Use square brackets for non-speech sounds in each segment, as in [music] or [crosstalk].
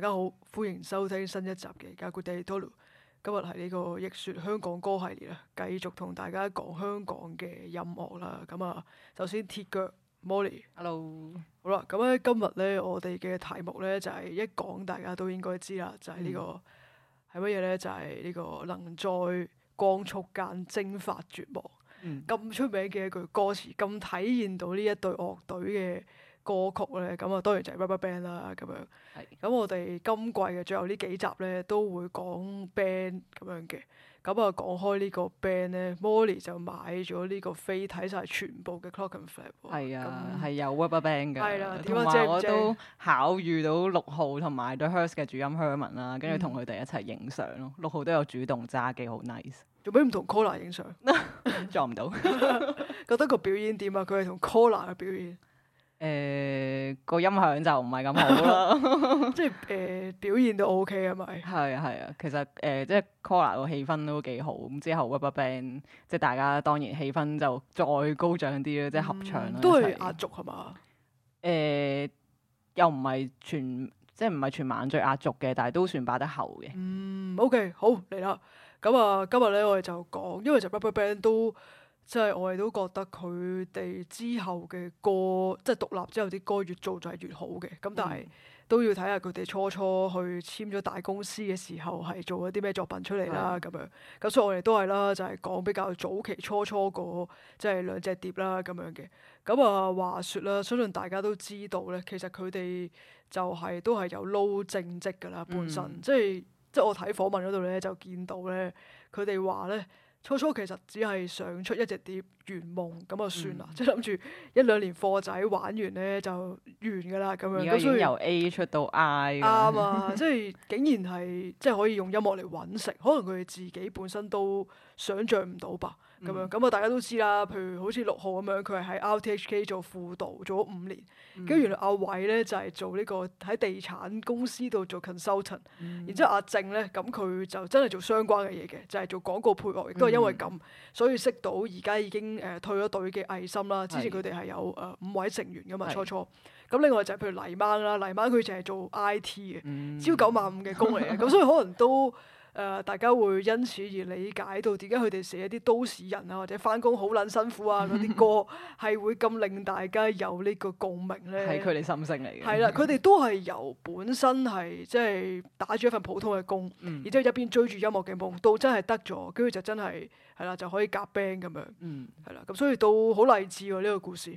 大家好，歡迎收聽新一集嘅《家 Good 加古地 t o 今日係呢個逆說香港歌系列啦，繼續同大家講香港嘅音樂啦。咁、嗯、啊，首先鐵腳 Molly，Hello，好啦。咁、嗯、咧今日咧我哋嘅題目咧就係、是、一講，大家都應該知啦，就係、是這個嗯、呢個係乜嘢咧？就係、是、呢、這個能在光速間蒸發絕望，咁、嗯、出名嘅一句歌詞，咁體現到呢一對樂隊嘅歌曲咧。咁、嗯、啊，當然就係 Rubberband 啦，咁樣。咁我哋今季嘅最後呢幾集咧，都會講 band 咁樣嘅。咁啊，講開呢個 band 咧，Molly 就買咗呢個飛，睇晒全部嘅 Clockenflap。係啊，係、啊、有 RubberBand 嘅。係啦，同埋我都巧遇到六號同埋 The Hertz 嘅主音 Herman 啦、嗯，跟住同佢哋一齊影相咯。六號都有主動揸機，好 nice。做咩唔同 Kolor 影相？ [laughs] 撞唔到。覺得個表演點啊？佢係同 Kolor 嘅表演。誒個、呃、音響就唔係咁好啦， [laughs] [laughs] 即係誒表現都 O K 係嘛？係啊係啊，其實誒、呃、即係 Collar 個氣氛都幾好，咁之後 RubberBand 即係大家當然氣氛就再高漲啲啦，即係合唱啦、嗯，都係壓軸係嘛？誒、呃、又唔係全即係唔係全晚最壓軸嘅，但係都算擺得後嘅。嗯，Okay，好嚟啦！咁啊，今日咧我哋就講，因為就 RubberBand 都。即係我哋都覺得佢哋之後嘅歌，即係獨立之後啲歌越做就係越好嘅。咁但係都要睇下佢哋初初去簽咗大公司嘅時候係做咗啲咩作品出嚟啦。咁樣咁所以我哋都係啦，就係講比較早期初初個即係兩隻碟啦咁樣嘅。咁啊話説啦，相信大家都知道咧，其實佢哋就係都係有撈正職噶啦本身。嗯、即係即我睇訪問嗰度咧，就見到咧，佢哋話咧。初初其實只係想出一隻碟圓夢咁就算啦，嗯、即係諗住一兩年貨仔玩完咧就完噶啦咁樣，咁所以由 A 出到 I。啱啊 [laughs] ！即係竟然係即係可以用音樂嚟揾食，可能佢哋自己本身都想像唔到吧？咁樣咁啊，嗯、大家都知啦。譬如好似六號咁樣，佢係喺 RTHK 做輔導做咗五年，跟住、嗯、原來阿偉咧就係、是、做呢、這個喺地產公司度做 consultant、嗯。然之後阿正咧咁佢就真係做相關嘅嘢嘅，就係、是、做廣告配樂。因為咁，所以識到而家已經誒、呃、退咗隊嘅藝心啦。之前佢哋係有誒、呃、五位成員㗎嘛，初初。咁是的 另外就係、是、譬如黎曼啦，黎曼佢就係做 IT 嘅，朝九晚五嘅工嚟嘅。咁所以可能都。誒、呃，大家會因此而理解到點解佢哋寫啲都市人啊，或者翻工好撚辛苦啊嗰啲歌，係 [laughs] 會咁令大家有呢個共鳴咧？係佢哋心聲嚟嘅。係啦了，佢哋 [laughs] 都係由本身係即係打住一份普通嘅工，然之後一邊追住音樂嘅夢，到真係得咗，跟住就真係係啦，就可以夾 band 咁樣。嗯，係啦，咁所以到好勵志喎呢個故事。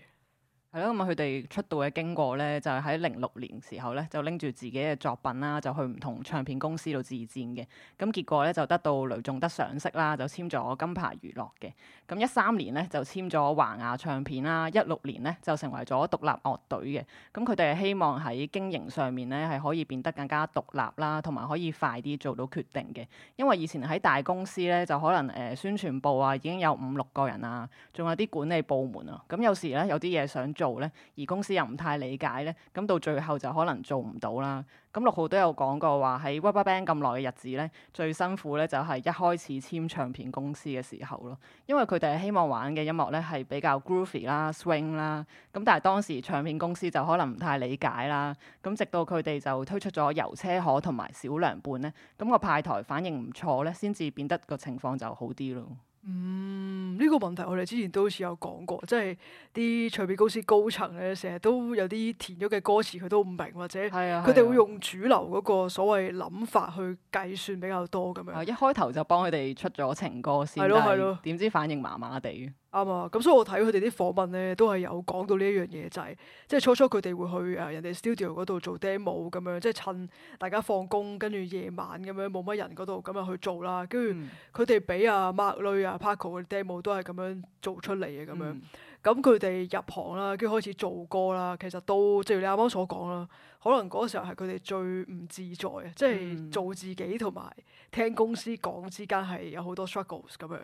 係咯，咁佢哋出道嘅經過咧，就係喺零六年時候咧，就拎住自己嘅作品啦，就去唔同唱片公司度自薦嘅。咁、嗯、結果咧就得到雷仲德賞識啦，就簽咗金牌娛樂嘅。咁一三年咧就簽咗華雅唱片啦，一六年咧就成為咗獨立樂隊嘅。咁佢哋係希望喺經營上面咧係可以變得更加獨立啦，同埋可以快啲做到決定嘅。因為以前喺大公司咧就可能誒、呃、宣傳部啊已經有五六個人啊，仲有啲管理部門啊。咁、嗯、有時咧有啲嘢想做做咧，而公司又唔太理解咧，咁到最後就可能做唔到啦。咁六號都有講過話喺 RubberBand 咁耐嘅日子咧，最辛苦咧就係一開始簽唱片公司嘅時候咯，因為佢哋係希望玩嘅音樂咧係比較 groovy 啦、swing 啦，咁但係當時唱片公司就可能唔太理解啦。咁直到佢哋就推出咗遊車河同埋小涼伴咧，咁個派台反應唔錯咧，先至變得個情況就好啲咯。嗯，呢、這個問題我哋之前都好似有講過，即係啲唱片公司高層咧，成日都有啲填咗嘅歌詞佢都唔明，或者佢哋會用主流嗰個所謂諗法去計算比較多咁樣、嗯。一開頭就幫佢哋出咗情歌先，但係點知反應麻麻地。啱啊！咁所以我睇佢哋啲訪問咧，都係有講到呢一樣嘢，就係即係初初佢哋會去誒人哋 studio 嗰度做 demo 咁樣，即係趁大家放工跟住夜晚咁樣冇乜人嗰度咁樣去做啦。跟住佢哋俾阿 Mark 雷阿 Paco 啲 demo 都係咁樣做出嚟嘅咁樣。嗯咁佢哋入行啦，跟住開始做歌啦。其實到正如你啱啱所講啦，可能嗰時候係佢哋最唔自在嘅，即係、嗯、做自己同埋聽公司講之間係有好多 struggles 咁樣。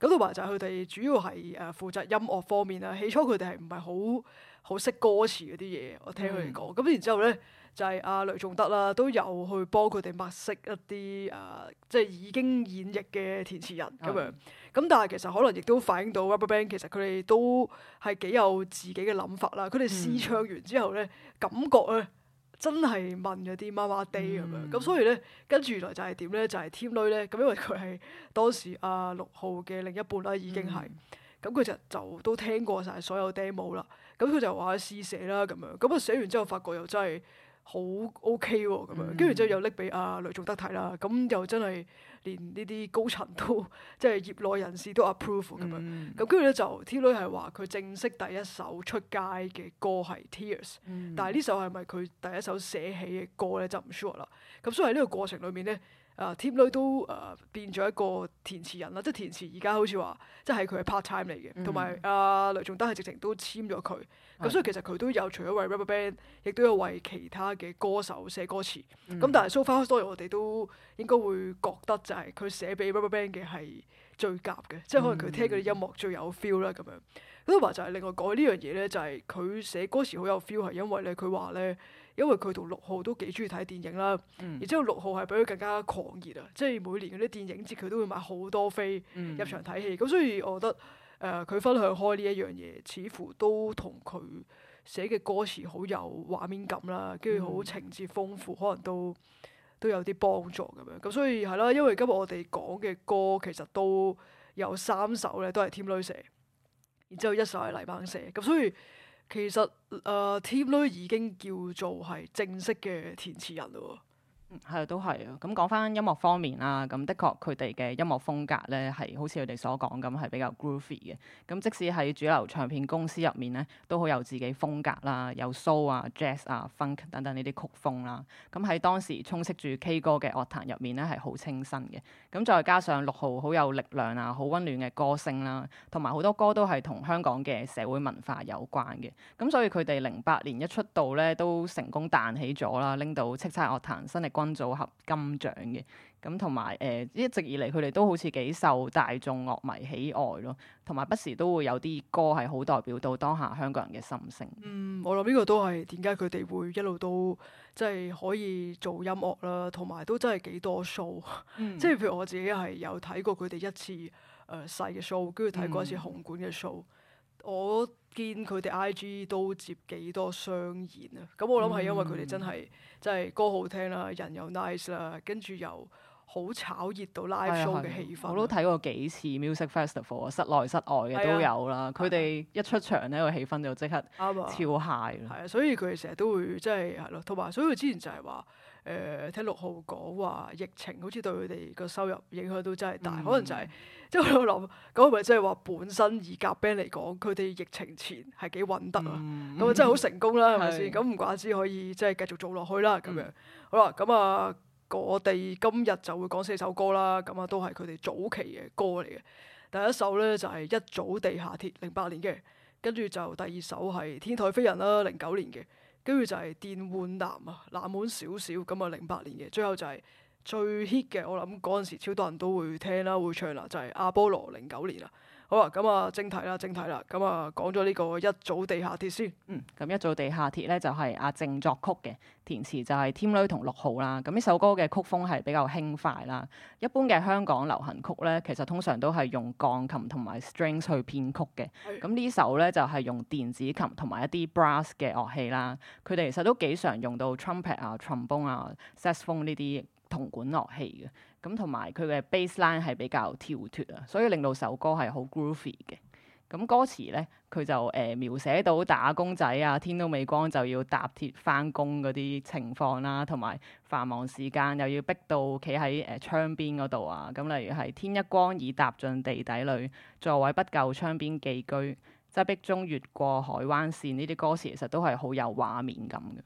咁同埋就係佢哋主要係誒、啊、負責音樂方面啦。起初佢哋係唔係好好識歌詞嗰啲嘢？我聽佢哋講。咁是、嗯、然之後咧就係、是、阿、啊、雷仲德啦，都有去幫佢哋物色一啲誒，即、啊、係、就是、已經演繹嘅填詞人咁樣。是咁但係其實可能亦都反映到 Rubberband 其實佢哋都係幾有自己嘅諗法啦，佢哋試唱完之後咧，感覺咧真係問咗啲媽媽 day、嗯」咁樣，咁所以咧跟住原來就係點咧就係、是、添女咧，咁因為佢係當時阿六、啊、號嘅另一半啦，已經係咁佢就就都聽過晒所有 demo 啦，咁佢就話試寫啦咁樣，咁啊寫完之後發覺又真係～好 OK 喎，咁樣跟住之後又拎俾阿雷仲德睇啦，咁又真係連呢啲高層都即係業內人士都 approve 咁、嗯、樣，咁跟住咧就 T 女係話佢正式第一首出街嘅歌係 Tears，、嗯、但係呢首係咪佢第一首寫起嘅歌咧就唔 sure 啦，咁所以喺呢個過程裏面咧。啊、uh，Team 裏都誒、呃、變咗一個填詞人啦，即係填詞而家好似話，即係佢係 part time 嚟嘅。同埋阿雷仲德係直情都簽咗佢，咁、嗯、所以其實佢都有除咗為 Rubber Band，亦都有為其他嘅歌手寫歌詞。咁、嗯、但係 so far so 我哋都應該會覺得就係佢寫俾 Rubber Band 嘅係最夾嘅，嗯、即係可能佢聽嗰啲音樂最有 feel 啦咁、嗯、樣。就另外就係另外講呢樣嘢咧，就係、是、佢寫歌詞好有 feel 係因為咧，佢話咧。因為佢同六號都幾中意睇電影啦，然之後六號係比佢更加狂熱啊！即、就、係、是、每年嗰啲電影節佢都會買好多飛入場睇戲。咁、嗯、所以我覺得誒佢、呃、分享開呢一樣嘢，似乎都同佢寫嘅歌詞好有畫面感啦，跟住好情節豐富，可能都都有啲幫助咁樣。咁所以係啦，因為今日我哋講嘅歌其實都有三首咧，都係添女寫，然之後一首係黎邦寫。咁所以。其實，誒，Team 裏已經叫做係正式嘅填詞人嘞喎。係，都係啊！咁講翻音樂方面啦，咁的確佢哋嘅音樂風格咧係好似佢哋所講咁係比較 groovy 嘅。咁即使喺主流唱片公司入面咧，都好有自己風格啦，有 soul 啊、jazz 啊、funk 等等呢啲曲風啦。咁喺當時充斥住 K 歌嘅樂壇入面咧係好清新嘅。咁再加上六號好有力量啊、好溫暖嘅歌聲啦，同埋好多歌都係同香港嘅社會文化有關嘅。咁所以佢哋零八年一出道咧都成功彈起咗啦，拎到叱咤樂壇新力軍組合金獎嘅。咁，同埋誒，一直以嚟佢哋都好似幾受大眾樂迷喜愛咯，同埋不時都會有啲歌係好代表到當下香港人嘅心聲。嗯，我諗呢個都係點解佢哋會一路都即係、就是、可以做音樂啦，同埋都真係幾多 show。嗯、即係譬如我自己係有睇過佢哋一次誒細嘅 show，跟住睇過一次紅館嘅 show，我。見佢哋 I G 都接幾多商演啊？咁我諗係因為佢哋真係、嗯、真係歌好聽啦，人又 nice 啦，跟住又好炒熱到 live、哎、呀 show 嘅氣氛。我都睇過幾次 music festival 啊，室內室外嘅都有啦。佢哋、啊、一出場呢、啊、個氣氛就即刻跳 high。係啊，所以佢哋成日都會即係係咯，同埋所以佢之前就係話誒聽六號講話疫情好似對佢哋個收入影響都真係大，可能就係。即係我諗，咁咪即係話本身以夾 band 嚟講，佢哋疫情前係幾穩得啊？咁啊、嗯嗯、真係好成功啦，係咪先？咁唔是怪之可以即係繼續做落去啦。咁樣、嗯、好啦，咁啊，我哋今日就會講四首歌啦。咁啊都係佢哋早期嘅歌嚟嘅。第一首咧就係、是、一早地下鐵，零八年嘅。跟住就第二首係天台飛人啦，零九年嘅。跟住就係電玩男啊，冷門少少咁啊，零八年嘅。最後就係、是。最 hit 嘅，我諗嗰陣時超多人都會聽啦，會唱啦，就係阿波羅零九年啦。好啦，咁啊，正題啦，正題啦，咁啊，講咗呢個一早地下鐵先。嗯，咁一早地下鐵咧就係阿靜作曲嘅，填詞就係 Tim Lui 同六號啦。咁呢首歌嘅曲風係比較輕快啦。一般嘅香港流行曲咧，其實通常都係用鋼琴同埋 strings 去編曲嘅。咁的呢首咧就係用電子琴同埋一啲 brass 嘅樂器啦。佢哋其實都幾常用到 trumpet 啊、trombone 啊、saxophone 呢啲。同管樂器嘅咁，同埋佢嘅 baseline 係比較跳脫啊，所以令到首歌係好 groovy 嘅。咁歌詞呢，佢就誒描寫到打工仔啊，天都未光就要搭鐵翻工嗰啲情況啦、啊，同埋繁忙時間又要逼到企喺誒窗邊嗰度啊。咁例如係天一光已踏進地底裏，座位不夠，窗邊寄居，擠逼中越過海灣線。呢啲歌詞其實都係好有畫面感嘅。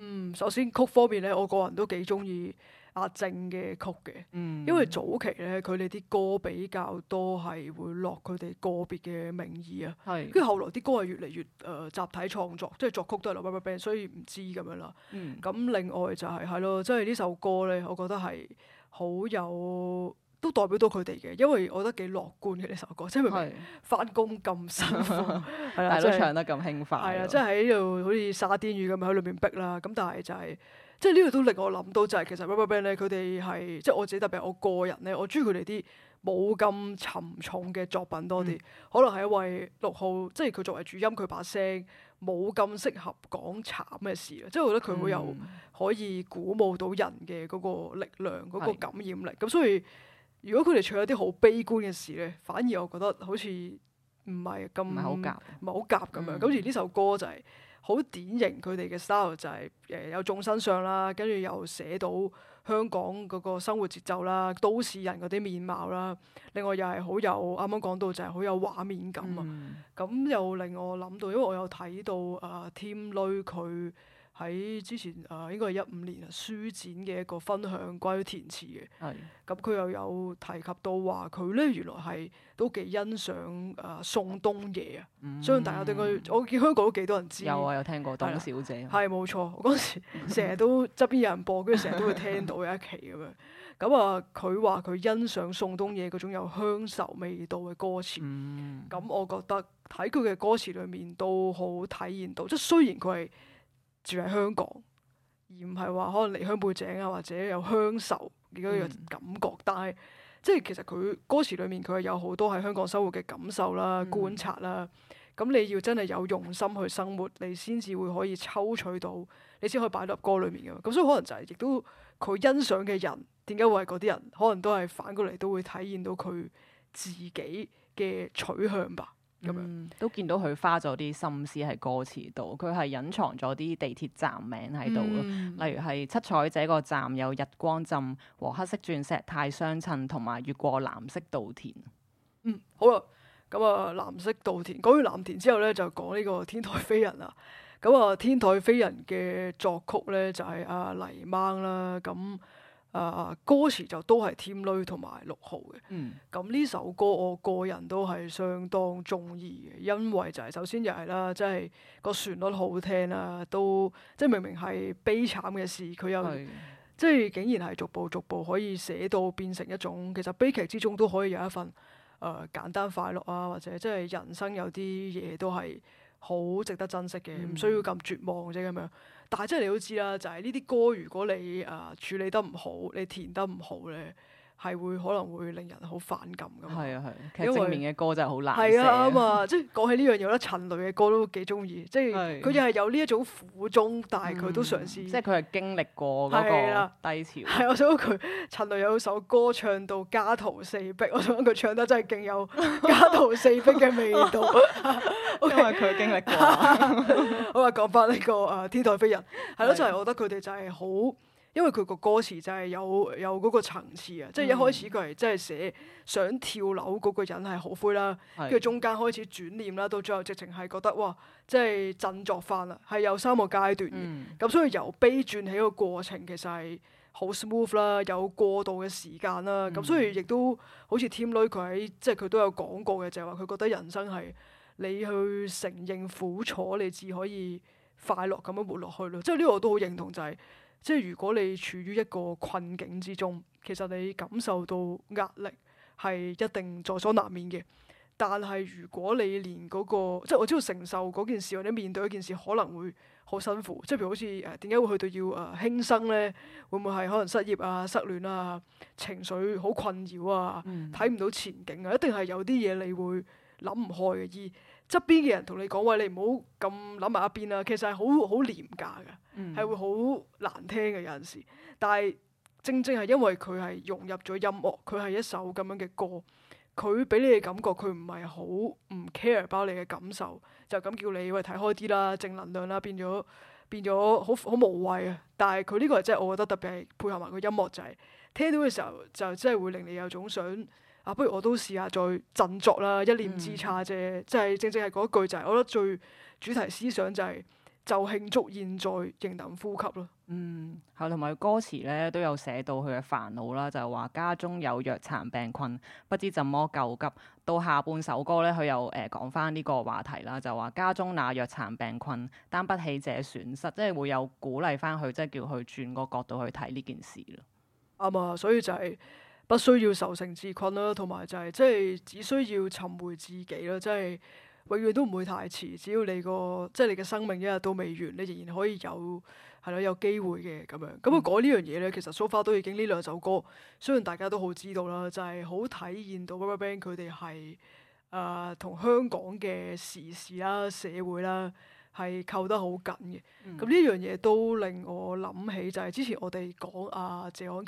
嗯，首先曲方面呢，我個人都幾中意。阿、啊、正嘅曲嘅，因為早期咧佢哋啲歌比較多係會落佢哋個別嘅名義啊，跟住是後，後來啲歌係越嚟越誒、呃、集體創作，即係作曲都係 RubberBand，and, 所以唔知咁樣啦。咁、嗯、另外就係係咯，即係呢首歌咧，我覺得係好有都代表到佢哋嘅，因為我覺得幾樂觀嘅呢首歌，即係咪翻工咁辛苦，大家都唱得咁輕快，係啊、就是，即係喺度好似沙甸魚咁喺裏面逼啦。咁但係就係、是。即係呢個都令我諗到就係其實 RubberBand 咧，佢哋係即係我自己特別係我個人咧，我中意佢哋啲冇咁沉重嘅作品多啲。嗯、可能係因為六號，即係佢作為主音，佢把聲冇咁適合講慘嘅事、嗯、即係我覺得佢會有可以鼓舞到人嘅嗰個力量，嗰、嗰個感染力。咁是 所以如果佢哋唱一啲好悲觀嘅事咧，反而我覺得好似唔係咁唔係好夾咁樣。咁、嗯、而呢首歌就係、是。好典型佢哋嘅 style 就係、是、誒、呃、有眾生相啦，跟住又寫到香港嗰個生活節奏啦、都市人嗰啲面貌啦。另外又係好有啱啱講到就係好有畫面感啊，咁、嗯、又令我諗到，因為我有睇到啊 Tim Lui 佢。呃喺之前啊、呃，應該係一五年啊，書展嘅一個分享關於填詞嘅。係的。咁佢又有提及到話佢咧，原來係都幾欣賞啊、呃、宋冬野啊。嗯。所以大家對佢，我見香港都幾多人知。有啊，有聽過董小姐。係冇錯，我嗰時成日都側邊有人播，跟住成日都會聽到有一期咁樣。咁啊，佢話佢欣賞宋冬野嗰種有鄉愁味道嘅歌詞。嗯。咁我覺得喺佢嘅歌詞裏面都好體現到，即係雖然佢係。住喺香港，而唔係話可能離鄉背井啊，或者有鄉愁嗰樣感覺，嗯、但係即係其實佢歌詞裏面佢係有好多喺香港生活嘅感受啦、觀察啦。咁、嗯、你要真係有用心去生活，你先至會可以抽取到，你先可以擺入歌裏面嘅。咁所以可能就係亦都佢欣賞嘅人，點解會係嗰啲人，可能都係反過嚟都會體現到佢自己嘅取向吧。咁、嗯、都見到佢花咗啲心思喺歌詞度，佢係隱藏咗啲地鐵站名喺度、嗯、例如係七彩呢個站有日光浸和黑色鑽石太相襯，同埋越過藍色稻田。嗯，好啊，咁、嗯、啊藍色稻田講完藍田之後呢，就講呢個天台飛人啦。咁、嗯、啊天台飛人嘅作曲呢，就係阿黎芒啦。咁、嗯。啊、歌詞就都係添淚同埋六號嘅。咁呢、嗯、首歌我個人都係相當中意嘅，因為就係首先又係啦，即、就、係、是、個旋律好聽啦、啊，都即係明明係悲慘嘅事，佢又是即係竟然係逐步逐步可以寫到變成一種其實悲劇之中都可以有一份誒、呃、簡單快樂啊，或者即係人生有啲嘢都係好值得珍惜嘅，唔、嗯、需要咁絕望啫咁樣。但係真係你都知啦，就係呢啲歌如果你誒、呃、處理得唔好，你填得唔好咧。係會可能會令人好反感㗎嘛、啊？係啊係，其實正面嘅歌真係好難寫。係啊咁啊，即係講起呢樣嘢咧，我陳蕾嘅歌都幾鍾意，即係佢係有呢一種苦衷，但係佢都嘗試。嗯、即係佢係經歷過嗰個低潮。係、啊，我、啊、想講佢陳蕾有首歌唱到家徒四壁，我想講佢唱得真係勁有家徒四壁嘅味道。 [laughs] [laughs] Okay. 因為佢經歷過。我話講翻呢個啊天台飛人，係咯、啊，就係我覺得佢哋就係好。因為佢個歌詞就係有有嗰個層次啊，即係、嗯、一開始佢係即係寫想跳樓嗰個人係好灰啦，跟住是中間開始轉念啦，到最後直情係覺得哇，即係振作翻啦，係有三個階段嘅。咁、嗯、所以由悲轉起個過程其實係好 smooth 啦，有過渡嘅時間啦。咁、嗯、所以亦都好似添女，佢喺即係佢都有講過嘅，就係話佢覺得人生係你去承認苦楚，你至可以快樂咁樣活落去咯。即係呢個我都好認同、就是，就係。即係如果你處於一個困境之中，其實你感受到壓力係一定在所難免嘅。但係如果你連嗰、那個，即係我知道承受嗰件事或者面對嗰件事可能會好辛苦。即係譬如好似誒點解會去到要誒輕生咧？會唔會係可能失業啊、失戀啊、情緒好困擾啊、睇唔、嗯、到前景啊？一定係有啲嘢你會諗唔開嘅。二側邊嘅人同你講：喂，你唔好咁諗埋一邊啦、啊。其實係好好廉價嘅，係、嗯、會好難聽嘅有陣時。但係正正係因為佢係融入咗音樂，佢係一首咁樣嘅歌，佢俾你嘅感覺佢唔係好唔 care 包你嘅感受，就咁叫你喂睇開啲啦，正能量啦，變咗變咗好好無謂啊！但係佢呢個係真係我覺得特別係配合埋個音樂就係、係、聽到嘅時候就真係會令你有種想。啊，不如我都試下再振作啦！一念之差啫，即係、嗯、正正係嗰句就係、是，我覺得最主題思想就係、是、就慶祝現在仍能呼吸咯。嗯，係同埋歌詞咧都有寫到佢嘅煩惱啦，就係話家中有弱殘病困，不知怎麼救急。到下半首歌咧，佢又誒講翻呢個話題啦，就話家中那弱殘病困擔不起這損失，即係會有鼓勵翻佢，即係叫佢轉個角度去睇呢件事咯。啱啊、嗯，所以就係、是。不需要愁城自困啦，同埋就係即係只需要尋回自己啦，即係永遠都唔會太遲。只要你個即係你嘅生命一日都未完，你仍然可以有係咯有機會嘅咁樣。咁啊講呢樣嘢咧，其實 So far 都已經呢兩首歌，雖然大家都好知道啦，就係好體現到 RubberBand 佢哋係誒同香港嘅時事啦、社會啦。係扣得好緊嘅，咁呢樣嘢都令我諗起就係之前我哋講阿謝安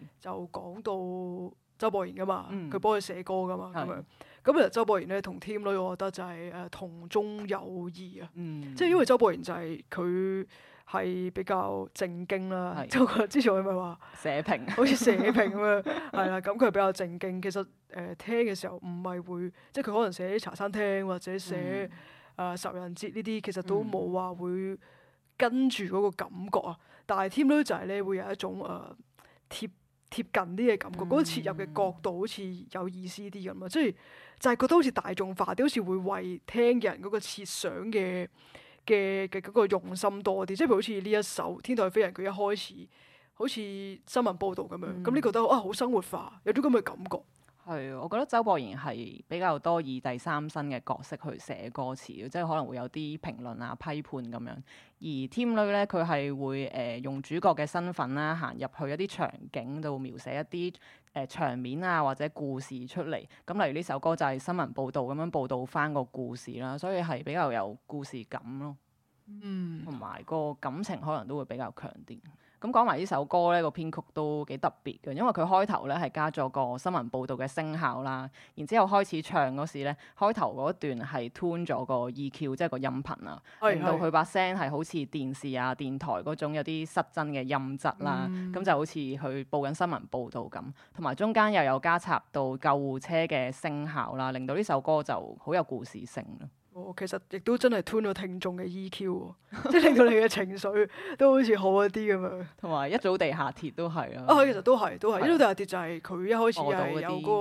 琪，就講到周博賢噶嘛，佢幫佢寫歌噶嘛咁樣。咁其實周博賢咧同 Team 咧，我覺得就係誒同中有異啊，即係因為周博賢就係佢係比較正經啦。之前我咪話寫評，好似寫評咁樣，係啦。咁佢係比較正經，其實誒聽嘅時候唔係會，即係佢可能寫茶餐廳或者寫。誒十、呃、人節呢啲其實都冇話會跟住嗰個感覺啊，嗯、但係添咧就係咧會有一種誒、呃、貼貼近啲嘅感覺，嗰、嗯、個切入嘅角度好似有意思啲咁啊，即係、嗯、就係覺得好似大眾化啲，好似會為聽人嗰個設想嘅嘅嘅嗰個用心多啲，即係好似呢一首《天台飛人》，佢一開始好似新聞報道咁樣，咁、嗯、你個得啊好生活化，有啲咁嘅感覺。係啊，我覺得周博賢係比較多以第三身嘅角色去寫歌詞，即係可能會有啲評論啊、批判咁樣。而添女 a 呢，佢係會誒、呃、用主角嘅身份啦、啊，行入去一啲場景度描寫一啲誒、呃、場面啊，或者故事出嚟。咁例如呢首歌就係新聞報導咁樣報導返個故事啦，所以係比較有故事感咯。嗯，同埋個感情可能都會比較強啲。咁講埋呢首歌咧，個編曲都幾特別嘅，因為佢開頭咧係加咗個新聞報導嘅聲效啦，然之後開始唱嗰時咧，開頭嗰段係 tune 咗個 EQ，即係個音頻啦，是是令到佢把聲係好似電視啊、電台嗰種有啲失真嘅音質啦，咁、嗯嗯、就好似佢報緊新聞報導咁，同埋中間又有加插到救護車嘅聲效啦，令到呢首歌就好有故事性啦。哦、其實亦都真係 tune 咗聽眾嘅 EQ 喎、哦，即係 [laughs] 令到你嘅情緒都好似好一啲咁樣，同埋一早地下鐵都係啊，啊其實都係都係一早地下鐵就係佢一開始係有嗰、那個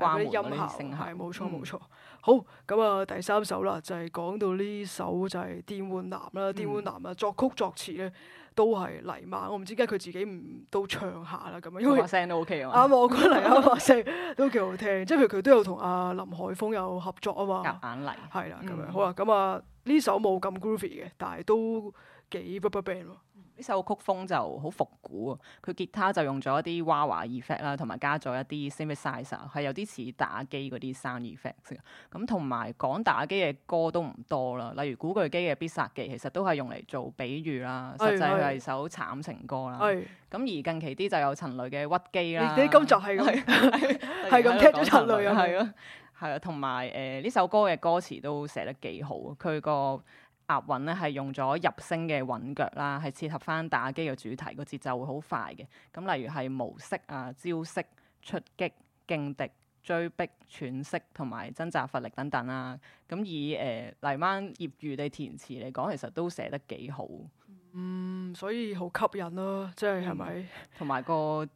嗰、呃、的音效，係冇的錯冇、嗯、錯。好咁啊，第三首啦，就係、是、講到呢首就係《電玩男》啦、嗯，《電玩男》啊作曲作詞咧。都係黎曼，我唔知點解佢自己唔都唱下啦咁樣，因為把聲都 OK 啊，啱啊，我覺得黎曼把聲、啊、都幾好聽，即係 [laughs] 譬如佢都有同阿、啊、林海峰有合作啊嘛，夾硬嚟來。係啦咁樣，嗯、好啊，咁啊呢首冇咁 groovy 嘅，但係都幾 uber band 咯。呢首曲風就好復古啊！佢吉他就用咗一啲娃娃 effect 啦，同埋加咗一啲 synthesizer，係有啲似打機嗰啲聲 effect。咁同埋講打機嘅歌都唔多啦，例如古巨基嘅《必殺技》，其實都係用嚟做比喻啦，實際係首慘情歌啦。咁而近期啲就有陳雷嘅、哎、《屈機》啦，啲金作係咁踢咗陳雷啊，係咯。係、呃、啊，同埋誒呢首歌嘅歌詞都寫得幾好佢個押韻咧係用咗入聲嘅韻腳啦，係切合翻打機嘅主題，個節奏會好快嘅。咁例如係模式、啊招式、出擊、勁敵追逼、喘息同埋掙扎乏力等等啦。咁以誒黎灣業餘嘅填詞嚟講，其實都寫得幾好。嗯，所以好吸引咯、啊，即係係咪？同埋、嗯、個。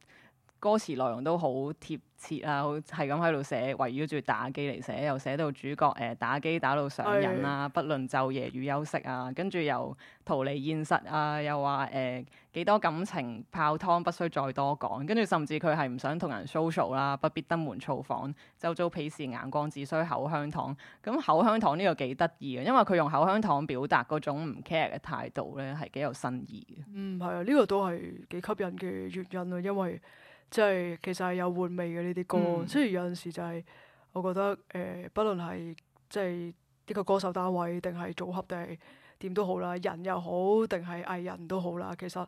歌詞內容都好貼切啊，係咁喺度寫，圍繞住打機嚟寫，又寫到主角誒、呃、打機打到上癮啊，不論晝夜與休息啊，跟住又逃離現實啊，又話誒幾多感情泡湯，不需再多講，跟住甚至佢係唔想同人 social 啦，不必登門造訪，周遭鄙視眼光須，只需口香糖。咁口香糖呢個幾得意啊，因為佢用口香糖表達嗰種唔 care 嘅態度咧，係幾有新意嘅。嗯，係啊，呢、這個都係幾吸引嘅原因啊，因為。即係其實係有玩味嘅呢啲歌，嗯、即係有陣時就係我覺得誒、呃，不論係即係一個歌手單位定係組合定係點都好啦，人又好定係藝人都好啦，其實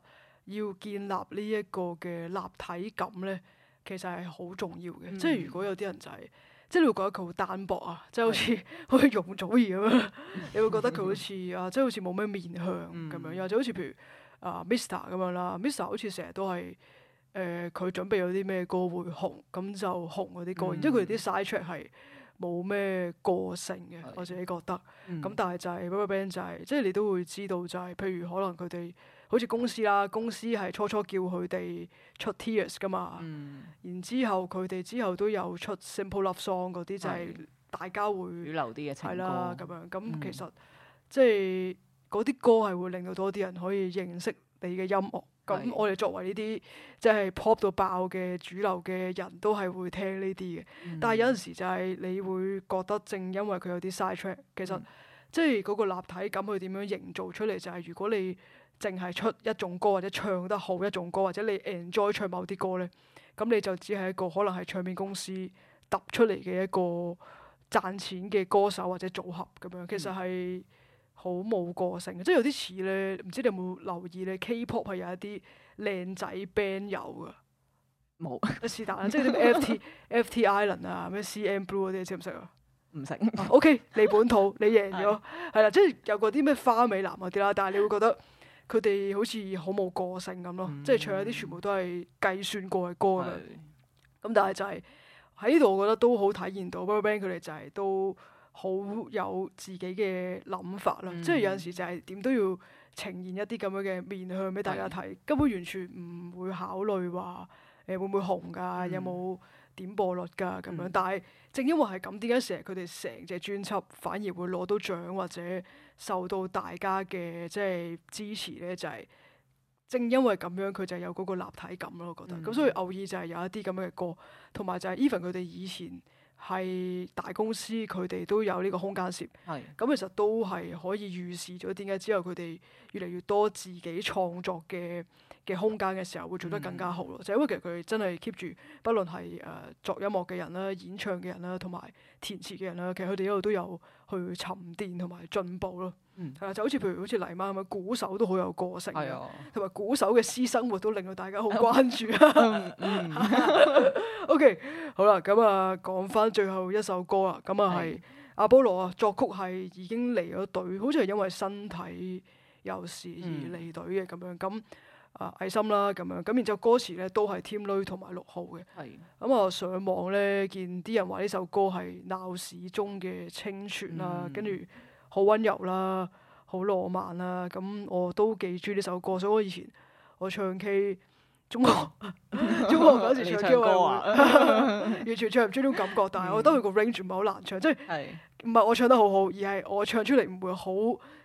要建立呢一個嘅立體感咧，其實係好重要嘅。嗯、即係如果有啲人就係、是，即係你會覺得佢好單薄啊，即係好似好似容祖兒咁樣，你會覺得佢、啊就是、好似啊，即係好似冇咩面向咁、嗯呃、樣，又或者好似譬如啊 Mr. 咁樣啦 Mr. 好似成日都係。誒佢、呃、準備有啲咩歌會紅，咁就紅嗰啲歌。然之後佢哋啲 side track 係冇咩個性嘅，的我自己覺得。咁、嗯、但係就係嗰個 band 就係、是，即、就、係、是、你都會知道就係、是，譬如可能佢哋好似公司啦，公司係初初叫佢哋出 tears 噶嘛。嗯、然之後佢哋之後都有出 Simple Love Song 嗰啲，就係大家會。主流啲嘅情歌。係啦，咁樣咁、嗯嗯、其實即係嗰啲歌係會令到多啲人可以認識你嘅音樂。咁我哋作為呢啲即係 pop 到爆嘅主流嘅人都係會聽呢啲嘅，嗯、但係有陣時就係你會覺得正因為佢有啲 side track，其實、嗯、即係嗰個立體感佢點樣營造出嚟就係、是、如果你淨係出一種歌或者唱得好一種歌或者你 enjoy 唱某啲歌咧，咁你就只係一個可能係唱片公司揼出嚟嘅一個賺錢嘅歌手或者組合咁樣，其實係。嗯好冇個性嘅，即、就、係、是、有啲似咧，唔知你有冇留意咧？K-pop 係有一啲靚仔 band 友噶，冇沒有，一、就是但即係啲 FT、 [laughs] FT Island 啊，咩 CN Blue 嗰啲，你識唔識啊？唔識不行笑、oh,，OK，你本土你贏咗，係啦 [laughs] 對，即係有個啲咩花美男嗰啲啦，但係你會覺得佢哋好似好冇個性咁咯，即、就、係、是、唱一啲全部都係計算過嘅歌咁樣，咁、mm hmm. 但係就係喺呢度，我覺得都好體現到不過 band 佢哋就係都。好有自己嘅諗法啦，嗯、即係有陣時就係點都要呈現一啲咁樣嘅面向俾大家睇，嗯、根本完全唔會考慮話誒、呃、會唔會紅噶，嗯、有冇點播率噶咁樣。嗯、但係正因為係咁，點解成日佢哋成隻專輯反而會攞到獎或者受到大家嘅即係支持咧？就係、係、正因為咁樣，佢就有嗰個立體感咯，我覺得。咁、嗯、所以偶爾就係有一啲咁樣嘅歌，同埋就係 even 佢哋以前。係大公司，佢哋都有呢個空間攝，咁的其實都係可以預示咗點解之後佢哋越嚟越多自己創作嘅嘅空間嘅時候會做得更加好咯，嗯、就係因為其實佢哋真係 keep 住，不論係誒作音樂嘅人啦、演唱嘅人啦、同埋填詞嘅人啦，其實佢哋一路都有去沉澱同埋進步咯。嗯，係啊，就好似譬如好似黎媽咁啊，鼓手都好有個性，係啊、哎呦，同埋鼓手嘅私生活都令到大家好關注啊、嗯。嗯，嗯 [laughs] [laughs] ，O、okay, K，好啦，咁啊，講翻最後一首歌啦，咁啊係阿波羅啊，作曲係已經離咗隊，好似係因為身體有事而離隊嘅咁、嗯、樣，咁啊，藝心啦咁樣，咁然之後歌詞咧都係 Tim Lui 同埋六號嘅，係是，咁啊、呃、上網咧見啲人話呢首歌係鬧市中嘅清泉啊，嗯、跟住。好溫柔啦，好浪漫啦，咁我都幾中意呢首歌。所以我以前我唱 K，ey, 中學中學嗰時唱，完全唱唔出呢種感覺。但係我覺得佢個 range 唔係好難唱，即係唔係我唱得好好，而係我唱出嚟唔會好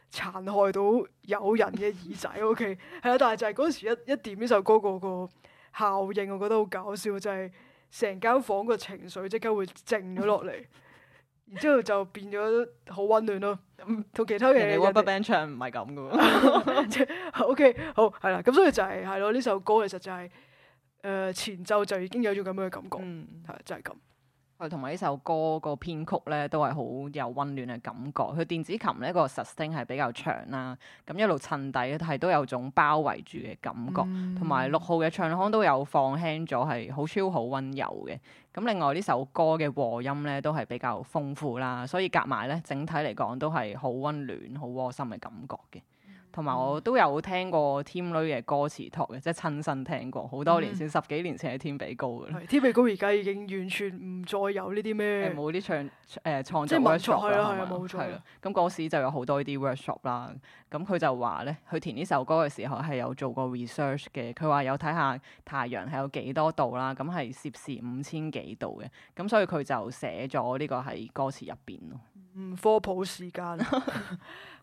殘害到有人嘅耳仔。O K，係啊，但係就係嗰時一一點呢首歌，嗰個效應我覺得好搞笑，就係成間房個情緒即刻會靜咗落嚟。 [laughs] 之後就變咗好溫暖咯，嗯，同其他嘅人哋《Wonderland》唱唔係咁噶喎，OK 好係啦，咁所以就係係咯，呢首歌其實就係、是、誒、呃、前奏就已經有咗咁樣嘅感覺，係、嗯、就係、是、咁。同埋呢首歌個編曲咧都係好有温暖嘅感覺，佢電子琴咧個 sustain 係比較長啦，咁一路襯底係都有種包圍住嘅感覺，同埋六號嘅唱腔都有放輕咗，係好超好温柔嘅。咁另外呢首歌嘅和音咧都係比較豐富啦，所以夾埋咧整體嚟講都係好温暖、好窩心嘅感覺嘅。同埋我都有聽過 Team 女嘅歌詞 talk 嘅，即係親身聽過，好多年前，嗯、十幾年前喺天比高嘅。係天比高而家已經完全唔再有呢啲咩冇啲唱誒、呃、創作 workshop 係啦係啦，冇錯。咁嗰時就有好多呢啲 workshop 啦，咁佢就話咧，佢填呢首歌嘅時候係有做過 research 嘅，佢話有睇下太陽係有幾多、多度啦，咁係攝氏五千幾度嘅，咁所以佢就寫咗呢個喺歌詞入邊咯。嗯，科普時間，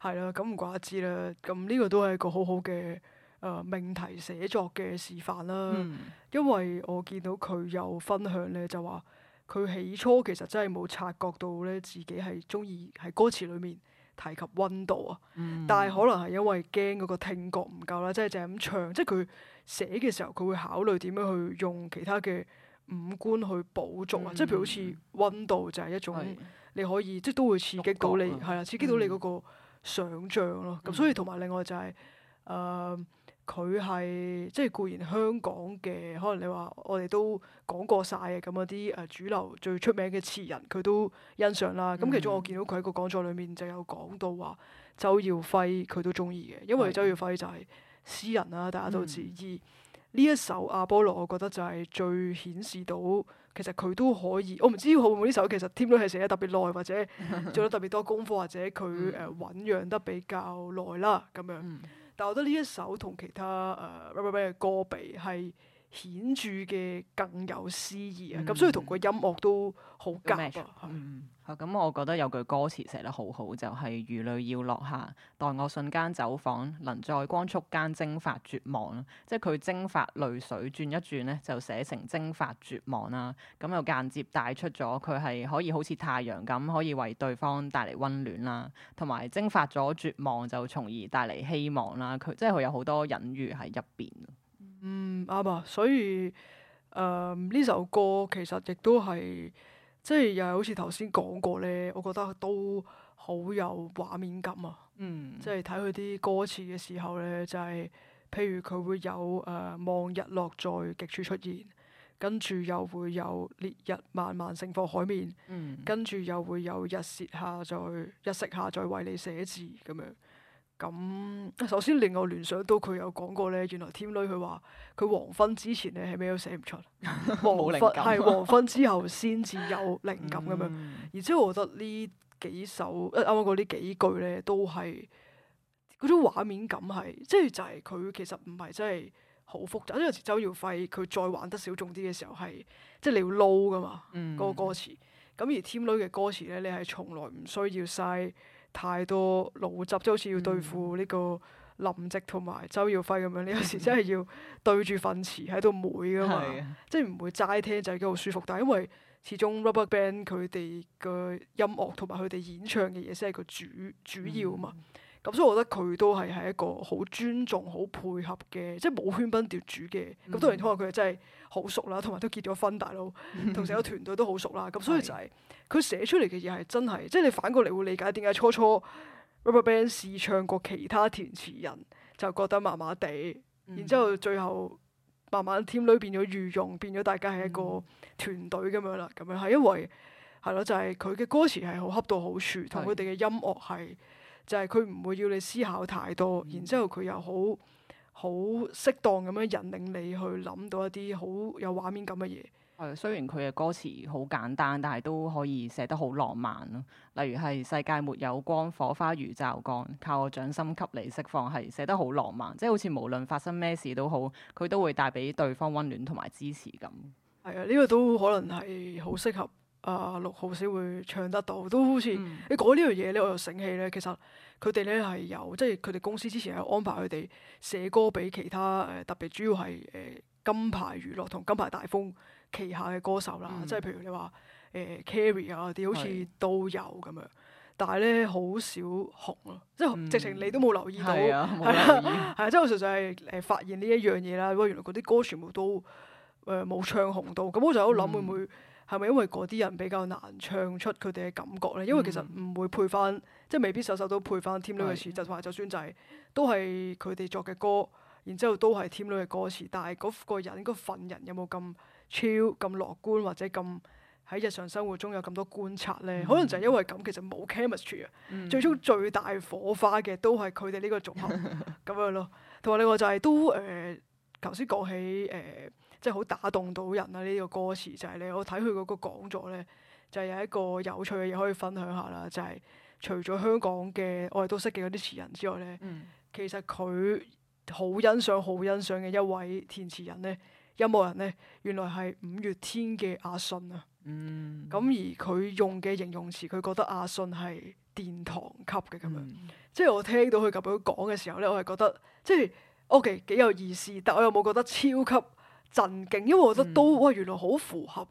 係啦，咁唔怪得之啦，咁呢個都係一個好好嘅誒命題寫作嘅示範啦。嗯、因為我見到佢有分享咧，就話佢起初其實真係冇察覺到咧，自己係中意喺歌詞裏面提及温度啊。嗯、但係可能係因為驚嗰個聽覺唔夠啦，即係就係、是、咁唱。即係佢寫嘅時候，佢會考慮點樣去用其他嘅。五官去補足啊，嗯、即係譬如好似温度就係一種、嗯、你可以即係都會刺激到你係啦道，刺激到你嗰個想象咯。咁、嗯、所以同埋另外就係誒佢係即係固然香港嘅，可能你話我哋都講過晒嘅咁嗰啲誒主流最出名嘅詞人，佢都欣賞啦。咁其中我見到佢喺個講座裏面就有講到話周耀輝佢都中意嘅，因為周耀輝就係詩人啦、啊，大家都知。嗯嗯呢一首《阿波羅》，我覺得就係最顯示到其實佢都可以。我唔知會唔會呢首其實添都係寫得特別耐，或者做咗特別多功課，或者佢誒醖釀得比較耐啦咁樣。但我覺得呢一首同其他誒咩咩咩嘅歌比係。顯著嘅更有詩意啊。咁、嗯、所以同個音樂都好夾啊。嗯，好咁，我覺得有句歌詞寫得好好，就係、是、如淚要落下，待我瞬間走訪，能在光速間蒸發絕望，即係佢蒸發淚水轉一轉咧，就寫成蒸發絕望啦。咁又間接帶出咗佢係可以好似太陽咁，可以為對方帶嚟溫暖啦，同埋蒸發咗絕望就從而帶嚟希望啦。佢即係佢有好多隱喻喺入邊。嗯，啱啊，所以誒呢、呃、首歌其實亦都係，即係又係好似頭先講過咧，我覺得都好有畫面感啊。嗯、即係睇佢啲歌詞嘅時候咧，就係、是、譬如佢會有誒、呃、望日落在極處出現，跟住又會有烈日漫漫盛放海面，嗯、跟住又會有日蝕下在日蝕下在為你寫字咁樣。咁、嗯、首先，令我聯想到佢有講過咧，原來添女佢話佢黃昏之前咧係咩都寫唔出，黃昏係 [laughs] 靈感 黃昏之後先至有靈感咁樣。嗯、而且我覺得呢幾首，啱啱講呢幾句咧，都係嗰種畫面感係，即係就係、是、佢其實唔係真係好複雜。因為有時周耀輝佢再玩得小眾啲嘅時候，係即係你要撈噶嘛、嗯、個歌詞。咁而添女嘅歌詞咧，你係從來唔需要嘥太多腦汁，即係好似要對付呢個林夕同埋周耀輝咁樣，你、嗯、有時真係要對住份詞喺度唔回噶嘛，是的 即係唔會齋聽就係幾好舒服。但係因為始終 RubberBand 佢哋嘅音樂同埋佢哋演唱嘅嘢先係個主主要啊嘛。嗯咁所以，so, 我覺得佢都係係一個好尊重、好配合嘅，即係冇喧賓奪主嘅。咁當然，因為佢真係好熟啦，同埋都結咗婚，大佬，同成個團隊都好熟啦。咁 [laughs] 所以就係、是、佢是寫出嚟嘅嘢係真係，即係你反過嚟會理解點解初初 Rubberband 試唱過其他填詞人就覺得麻麻地，mm hmm. 然之後最後慢慢添女變咗御用，變咗大家係一個團隊咁樣啦。咁樣係因為係咯，就係佢嘅歌詞係好恰到好處，同佢哋嘅音樂係。就係佢唔會要你思考太多，然之後佢又好好適當咁樣引領你去諗到一啲好有畫面感嘅嘢。係雖然佢嘅歌詞好簡單，但係都可以寫得好浪漫咯。例如係世界沒有光，火花如驟光，靠我掌心給你釋放，係寫得好浪漫。即係好似無論發生咩事都好，佢都會帶俾對方温暖同埋支持咁。係啊，呢個都可能係好適合。啊六號先會唱得到，都好似、嗯、你講呢樣嘢咧，我又醒起咧，其實佢哋咧係有，即係佢哋公司之前係安排佢哋寫歌俾其他誒、呃，特別主要係誒、呃、金牌娛樂同金牌大風旗下嘅歌手啦，嗯、即係譬如你話誒 Carrie 啊啲，呃、好似都有咁樣，是但係咧好少紅咯，即係、嗯、直情你都冇留意到，係啊，即係、 [laughs] 啊、我純粹係誒、呃、發現呢一樣嘢啦，喂，原來嗰啲歌全部都誒冇、呃呃、唱紅到，咁我就喺度諗會唔會？會係咪因為嗰啲人比較難唱出佢哋嘅感覺咧？因為其實唔會配翻，嗯、即係未必首首都配翻。Timmie 嘅詞就話，就算就係都係佢哋作嘅歌，然之後都係 Timmie 嘅歌詞，但係嗰個人嗰份人有冇咁超咁樂觀，或者咁喺日常生活中有咁多觀察咧？嗯、可能就係因為咁，其實冇 chemistry 啊、嗯。最終最大火花嘅都係佢哋呢個組合咁 [laughs] 樣咯。同埋另外就係、是、都誒，頭先講起誒。呃呃即係好打動到人啊！呢、這、啲個歌詞就係你我睇佢嗰個講座咧，就係、是、有一個有趣嘅嘢可以分享下啦。就係、是、除咗香港嘅我哋都識嘅嗰啲詞人之外咧，嗯、其實佢好欣賞、好欣賞嘅一位填詞人咧，音樂人咧，原來係五月天嘅阿信啊。咁、嗯、而佢用嘅形容詞，佢覺得阿信係殿堂級嘅咁樣。嗯、即係我聽到佢咁樣講嘅時候咧，我係覺得即係 OK 幾有意思，但我又冇覺得超級。震驚，因為我覺得都哇，原來好符合誒、嗯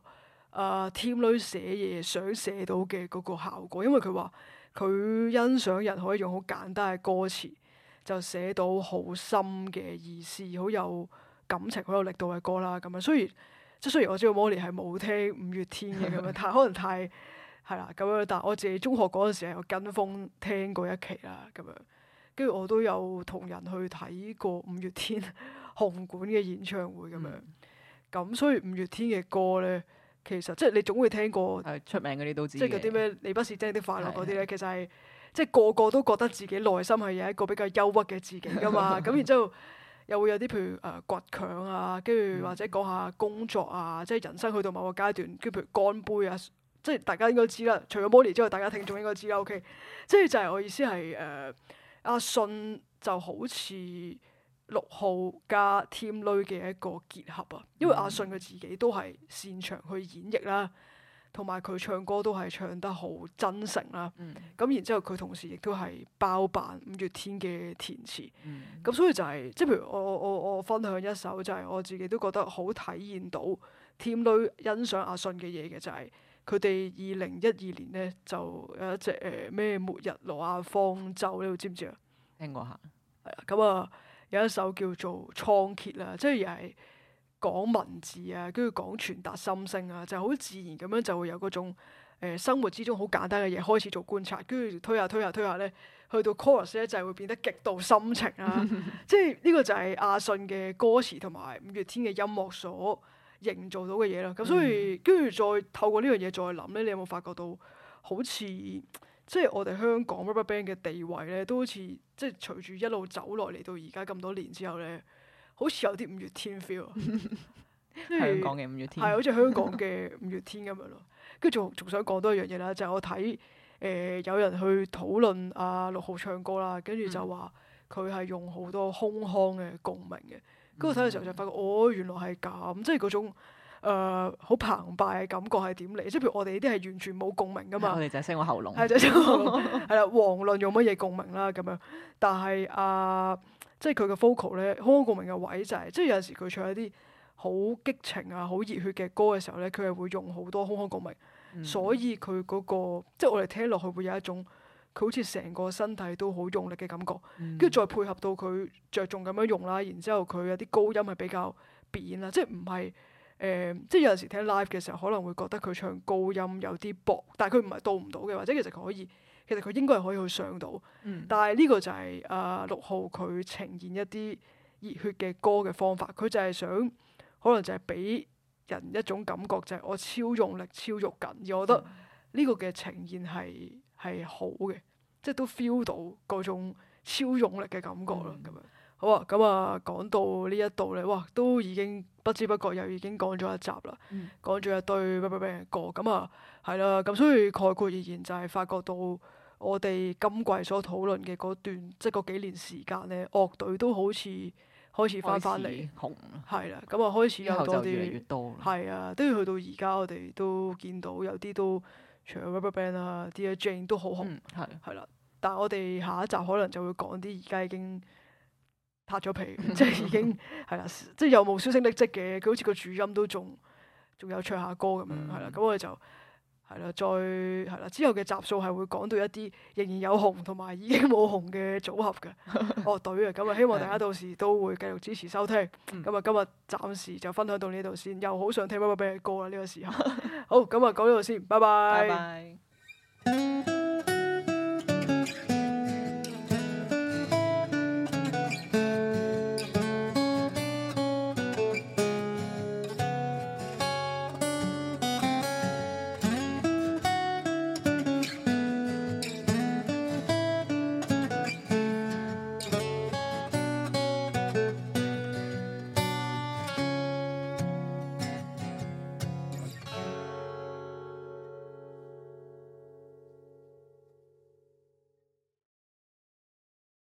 呃，天女寫嘢想寫到嘅嗰個效果。因為佢話佢欣賞人可以用好簡單嘅歌詞，就寫到好深嘅意思，好有感情、好有力度嘅歌啦。咁樣，雖然即係雖然我知道 Molly 係冇聽五月天嘅咁樣，太可能太係啦咁樣。但我自己中學嗰陣時係有跟風聽過一期啦，咁樣跟住我都有同人去睇過五月天，紅館嘅演唱會咁樣，咁、嗯、所以五月天嘅歌咧，其實即係、就是、你總會聽過，出名嗰啲都知，即係嗰啲咩《你不對是真的快樂》嗰啲咧，其實係即係個個都覺得自己內心係有一個比較憂鬱嘅自己噶嘛，咁 [laughs] 然之後又會有啲譬如誒倔強啊，跟住、啊、或者講下工作啊，即係、嗯、人生去到某個階段，跟住譬如乾杯啊，即係大家應該知啦，除咗 Molly 之外，大家聽眾應該知啦，OK，即係 [laughs] 就係我意思係誒阿信就好似。itan 六號加添女嘅一個結合啊，因為阿信佢自己都係擅長去演繹啦，同埋佢唱歌都係唱得好真誠啦。咁、嗯、然之後佢同時亦都係包辦五月天嘅填詞。咁、嗯、所以就係、是、即、就是、譬如我我我分享一首就係我自己都覺得好體驗到添女欣賞阿信嘅嘢嘅，就係佢哋二零一二年咧就有一隻誒咩末日羅亞方舟，你哋知唔知啊？聽過下，係啊咁啊～、嗯有一首叫做《倉頡》啦，即係又係講文字啊，跟住講傳達心聲啊，就好、是、自然咁樣就會有嗰種誒、呃、生活之中好簡單嘅嘢開始做觀察，跟住推下推下推下咧，去到 chorus 咧就係、是、會變得極度深情啦、啊。 [laughs] 即係呢個就係阿信嘅歌詞同埋五月天嘅音樂所營造到嘅嘢啦。咁所以跟住再透過呢樣嘢再諗咧，你有冇發覺到好似即係我哋香港 RubberBand 嘅地位咧，都好似～即係隨住一路走落嚟到而家咁多年之後咧，好似有啲五月天 feel，香港嘅五月天，係啊 [laughs] 好似香港嘅五月天咁樣咯。跟住仲仲想講多一樣嘢啦，就係、係、我睇誒、呃、有人去討論阿六號唱歌啦，跟住就話佢係用好多空腔嘅共鳴嘅。跟住我睇嘅時候就發覺，哦原來係咁，即係嗰種。誒好、uh, 澎湃嘅感覺係點嚟？即係譬如我哋呢啲係完全冇共鳴㗎嘛，我係就聲啦。遑論用乜嘢共鳴啦咁樣。但係啊，即係佢嘅 focal 咧，胸腔共鳴嘅位就係，即係有陣時佢唱一啲好激情啊、好熱血嘅歌嘅時候咧，佢係會用好多胸腔共鳴，所以佢嗰個即係我哋聽落去會有一種佢好似成個身體都好用力嘅感覺，跟住再配合到佢着重咁樣用啦，然之後佢有啲高音係比較扁啦，即係唔係。誒、呃，即係有陣時聽 live 嘅時候，可能會覺得佢唱高音有啲薄，但係佢唔係到唔到嘅，或者其實佢可以，其實佢應該係可以去上到。嗯、但係呢個就係啊六號佢呈現一啲熱血嘅歌嘅方法，佢就係想可能就係俾人一種感覺，就係我超用力、超用緊。而我覺得呢個嘅呈現係係、嗯、好嘅，即係都 feel 到嗰種超用力嘅感覺啦。咁、嗯、樣好啊，咁啊講到呢一度咧，哇，都已經～不知不覺又已經講咗一集啦，講咗、嗯、一堆 RubberBand 嘅歌，咁啊係啦，咁、啊、所以概括而言就係發覺到我哋今季所討論嘅嗰段即係嗰幾年時間咧，樂隊都好似開始翻翻嚟紅，係啦、啊，咁啊開始有多啲，係啊，都要去到而家我哋都見到有啲都，除咗 RubberBand 啊，啲 Dear Jane 都好紅，係係啦，但係我哋下一集可能就會講啲而家已經。拍咗皮，即係已經係啦，即係又冇消聲匿迹嘅，佢好似個主音都仲仲有唱下歌咁樣，係啦、嗯，咁我哋就係啦，再係啦，之後嘅集數係會講到一啲仍然有紅同埋已經冇紅嘅組合嘅樂隊啊，咁啊、 [laughs] 哦，對，希望大家到時都會繼續支持收聽，咁啊，今日暫時就分享到呢度先，又好想聽乜乜乜嘅歌啊呢、呢個時候， [laughs] 好，咁啊，講到呢度先，拜拜。